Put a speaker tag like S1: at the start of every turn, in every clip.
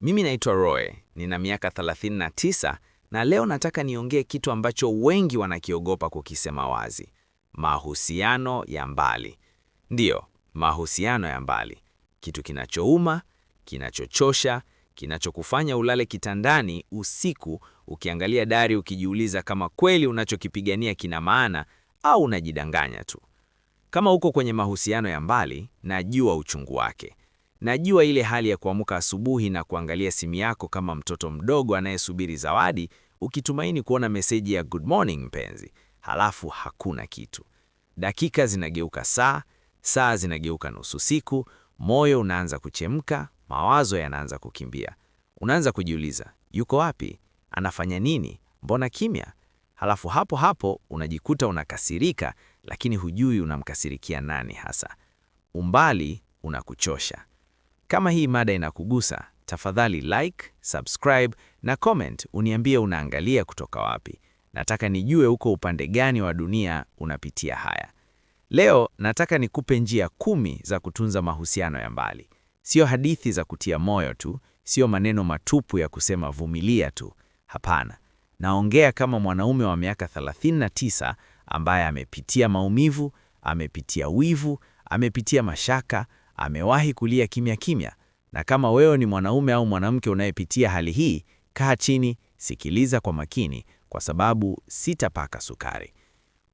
S1: Mimi naitwa Roy, nina miaka 39 na leo nataka niongee kitu ambacho wengi wanakiogopa kukisema wazi: mahusiano ya mbali. Ndiyo, mahusiano ya mbali, kitu kinachouma, kinachochosha, kinachokufanya ulale kitandani usiku ukiangalia dari, ukijiuliza kama kweli unachokipigania kina maana au unajidanganya tu. Kama uko kwenye mahusiano ya mbali, najua uchungu wake. Najua ile hali ya kuamka asubuhi na kuangalia simu yako kama mtoto mdogo anayesubiri zawadi, ukitumaini kuona meseji ya good morning mpenzi, halafu hakuna kitu. Dakika zinageuka saa, saa zinageuka nusu siku, moyo unaanza kuchemka, mawazo yanaanza kukimbia. Unaanza kujiuliza, yuko wapi? Anafanya nini? Mbona kimya? Halafu hapo hapo unajikuta unakasirika, lakini hujui unamkasirikia nani hasa. Umbali unakuchosha. Kama hii mada inakugusa, tafadhali like, subscribe na comment uniambie unaangalia kutoka wapi. Nataka nijue uko upande gani wa dunia unapitia haya. Leo nataka nikupe njia kumi za kutunza mahusiano ya mbali. Sio hadithi za kutia moyo tu, sio maneno matupu ya kusema vumilia tu. Hapana. Naongea kama mwanaume wa miaka 39 ambaye amepitia maumivu, amepitia wivu, amepitia mashaka, amewahi kulia kimya kimya. Na kama wewe ni mwanaume au mwanamke unayepitia hali hii, kaa chini, sikiliza kwa makini, kwa sababu sitapaka sukari.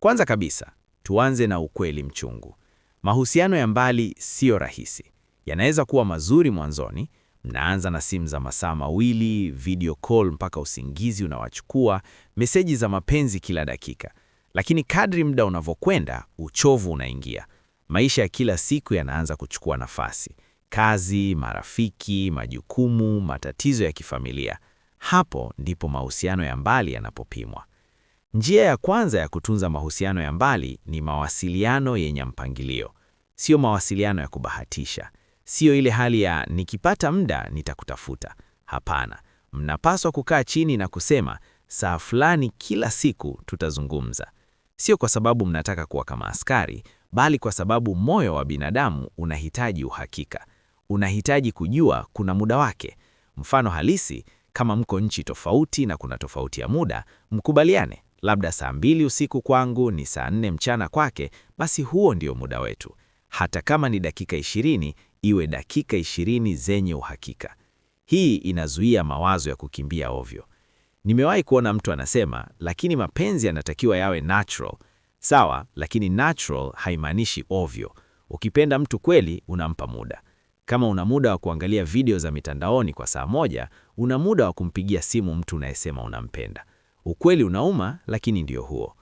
S1: Kwanza kabisa, tuanze na ukweli mchungu. Mahusiano ya mbali siyo rahisi. Yanaweza kuwa mazuri mwanzoni, mnaanza na simu za masaa mawili, video call mpaka usingizi unawachukua, meseji za mapenzi kila dakika. Lakini kadri muda unavyokwenda, uchovu unaingia, Maisha ya kila siku yanaanza kuchukua nafasi: kazi, marafiki, majukumu, matatizo ya kifamilia. Hapo ndipo mahusiano ya mbali yanapopimwa. Njia ya kwanza ya kutunza mahusiano ya mbali ni mawasiliano yenye mpangilio, sio mawasiliano ya kubahatisha, sio ile hali ya nikipata muda nitakutafuta. Hapana, mnapaswa kukaa chini na kusema saa fulani kila siku tutazungumza sio kwa sababu mnataka kuwa kama askari, bali kwa sababu moyo wa binadamu unahitaji uhakika, unahitaji kujua kuna muda wake. Mfano halisi, kama mko nchi tofauti na kuna tofauti ya muda, mkubaliane, labda saa mbili usiku kwangu ni saa nne mchana kwake, basi huo ndio muda wetu. Hata kama ni dakika ishirini, iwe dakika ishirini zenye uhakika. Hii inazuia mawazo ya kukimbia ovyo. Nimewahi kuona mtu anasema, lakini mapenzi yanatakiwa yawe natural. Sawa, lakini natural haimaanishi ovyo. Ukipenda mtu kweli, unampa muda. Kama una muda wa kuangalia video za mitandaoni kwa saa moja, una muda wa kumpigia simu mtu unayesema unampenda. Ukweli unauma, lakini ndio huo.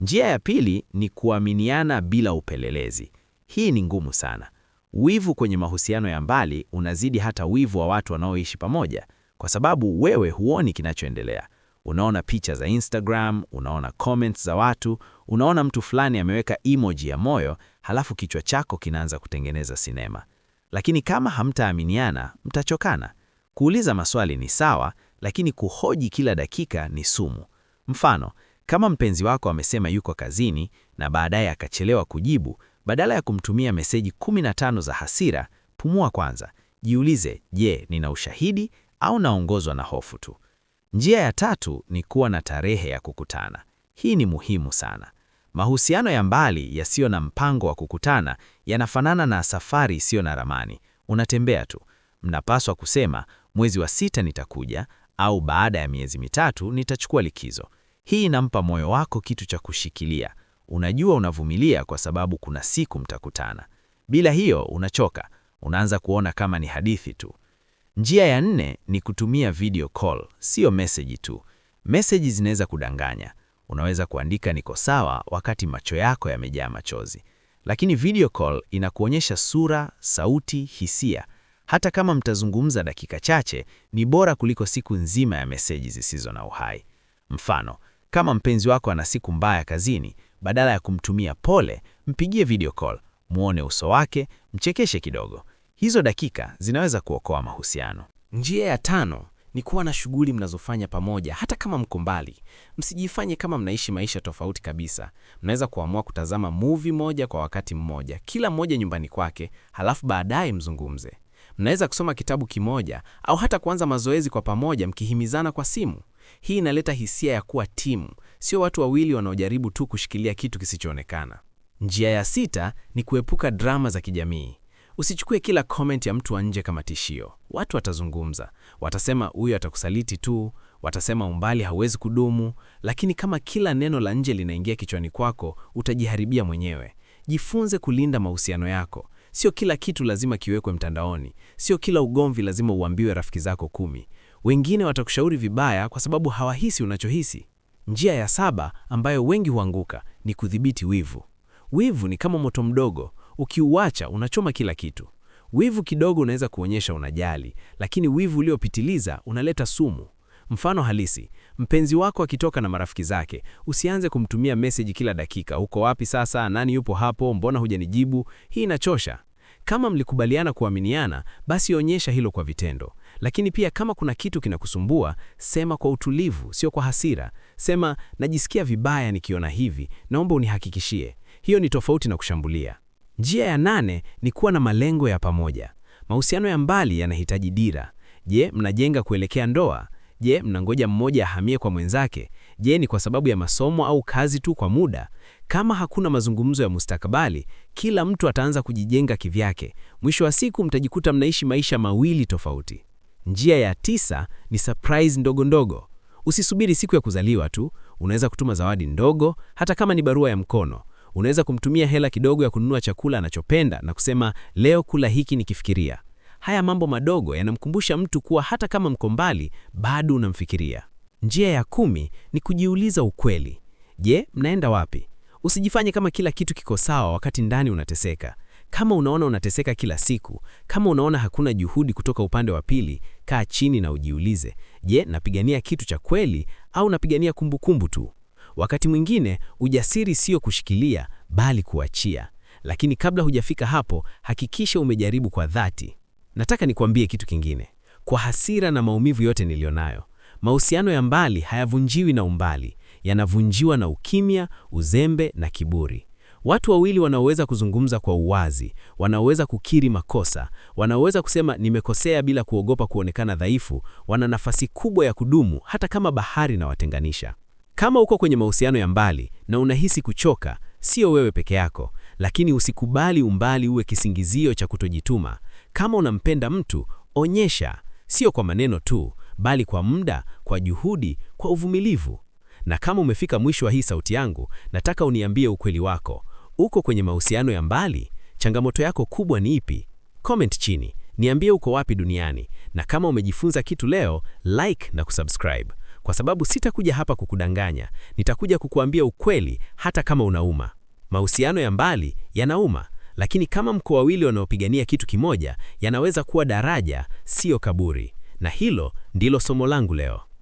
S1: Njia ya pili ni kuaminiana bila upelelezi. Hii ni ngumu sana. Wivu kwenye mahusiano ya mbali unazidi hata wivu wa watu wanaoishi pamoja kwa sababu wewe huoni kinachoendelea. Unaona picha za Instagram, unaona comments za watu, unaona mtu fulani ameweka emoji ya moyo, halafu kichwa chako kinaanza kutengeneza sinema. Lakini kama hamtaaminiana, mtachokana. Kuuliza maswali ni sawa, lakini kuhoji kila dakika ni sumu. Mfano, kama mpenzi wako amesema yuko kazini na baadaye akachelewa kujibu, badala ya kumtumia meseji 15 za hasira, pumua kwanza. Jiulize, je, nina ushahidi? au naongozwa na hofu tu? Njia ya tatu ni kuwa na tarehe ya kukutana. Hii ni muhimu sana. Mahusiano ya mbali yasiyo na mpango wa kukutana yanafanana na safari isiyo na ramani. Unatembea tu. Mnapaswa kusema mwezi wa sita nitakuja, au baada ya miezi mitatu nitachukua likizo. Hii inampa moyo wako kitu cha kushikilia. Unajua unavumilia kwa sababu kuna siku mtakutana. Bila hiyo unachoka, unaanza kuona kama ni hadithi tu. Njia ya nne ni kutumia video call, sio message tu. Message zinaweza kudanganya. Unaweza kuandika niko sawa wakati macho yako yamejaa machozi, lakini video call inakuonyesha sura, sauti, hisia. Hata kama mtazungumza dakika chache, ni bora kuliko siku nzima ya meseji zisizo na uhai. Mfano, kama mpenzi wako ana siku mbaya kazini, badala ya kumtumia pole, mpigie video call, muone uso wake, mchekeshe kidogo. Hizo dakika zinaweza kuokoa mahusiano.
S2: Njia ya tano ni kuwa na shughuli mnazofanya pamoja, hata kama mko mbali. Msijifanye kama mnaishi maisha tofauti kabisa. Mnaweza kuamua kutazama movie moja kwa wakati mmoja, kila mmoja nyumbani kwake, halafu baadaye mzungumze. Mnaweza kusoma kitabu kimoja au hata kuanza mazoezi kwa pamoja, mkihimizana kwa simu. Hii inaleta hisia ya kuwa timu, sio watu wawili wanaojaribu tu kushikilia kitu kisichoonekana. Njia ya sita ni kuepuka drama za kijamii. Usichukue kila comment ya mtu wa nje kama tishio. Watu watazungumza, watasema huyo atakusaliti tu, watasema umbali hauwezi kudumu, lakini kama kila neno la nje linaingia kichwani kwako, utajiharibia mwenyewe. Jifunze kulinda mahusiano yako. Sio kila kitu lazima kiwekwe mtandaoni, sio kila ugomvi lazima uambiwe rafiki zako kumi. Wengine watakushauri vibaya kwa sababu hawahisi unachohisi. Njia ya saba ambayo wengi huanguka ni kudhibiti wivu. Wivu ni kama moto mdogo Ukiuacha unachoma kila kitu. Wivu kidogo unaweza kuonyesha unajali, lakini wivu uliopitiliza unaleta sumu. Mfano halisi, mpenzi wako akitoka na marafiki zake, usianze kumtumia meseji kila dakika, uko wapi sasa, nani yupo hapo, mbona hujanijibu? Hii inachosha. Kama mlikubaliana kuaminiana, basi onyesha hilo kwa vitendo. Lakini pia kama kuna kitu kinakusumbua, sema kwa utulivu, sio kwa hasira. Sema, najisikia vibaya nikiona hivi, naomba unihakikishie. Hiyo ni tofauti na kushambulia. Njia ya nane ni kuwa na malengo ya pamoja. Mahusiano ya mbali yanahitaji dira. Je, mnajenga kuelekea ndoa? Je, mnangoja mmoja ahamie kwa mwenzake? Je, ni kwa sababu ya masomo au kazi tu kwa muda? Kama hakuna mazungumzo ya mustakabali, kila mtu ataanza kujijenga kivyake. Mwisho wa siku mtajikuta mnaishi maisha mawili tofauti. Njia ya tisa ni surprise ndogo ndogo. Usisubiri siku ya kuzaliwa tu, unaweza kutuma zawadi ndogo, hata kama ni barua ya mkono. Unaweza kumtumia hela kidogo ya kununua chakula anachopenda na kusema leo kula hiki nikifikiria. Haya mambo madogo yanamkumbusha mtu kuwa hata kama mko mbali, bado unamfikiria. Njia ya kumi ni kujiuliza ukweli. Je, mnaenda wapi? Usijifanye kama kila kitu kiko sawa wakati ndani unateseka. Kama unaona unateseka kila siku, kama unaona hakuna juhudi kutoka upande wa pili, kaa chini na ujiulize, je, napigania kitu cha kweli au napigania kumbukumbu tu? Wakati mwingine ujasiri sio kushikilia, bali kuachia. Lakini kabla hujafika hapo, hakikisha umejaribu kwa dhati. Nataka nikuambie kitu kingine. Kwa hasira na maumivu yote niliyonayo, mahusiano ya mbali hayavunjiwi na umbali, yanavunjiwa na ukimya, uzembe na kiburi. Watu wawili wanaoweza kuzungumza kwa uwazi, wanaoweza kukiri makosa, wanaoweza kusema nimekosea bila kuogopa kuonekana dhaifu, wana nafasi kubwa ya kudumu hata kama bahari inawatenganisha. Kama uko kwenye mahusiano ya mbali na unahisi kuchoka, sio wewe peke yako, lakini usikubali umbali uwe kisingizio cha kutojituma. Kama unampenda mtu, onyesha, sio kwa maneno tu, bali kwa muda, kwa juhudi, kwa uvumilivu. Na kama umefika mwisho wa hii sauti yangu, nataka uniambie ukweli wako. Uko kwenye mahusiano ya mbali? Changamoto yako kubwa ni ipi? Comment chini, niambie uko wapi duniani, na kama umejifunza kitu leo, like na kusubscribe kwa sababu sitakuja hapa kukudanganya, nitakuja kukuambia ukweli, hata kama unauma. Mahusiano ya mbali yanauma, lakini kama mko wawili wanaopigania kitu kimoja, yanaweza kuwa daraja, siyo kaburi. Na hilo ndilo somo langu leo.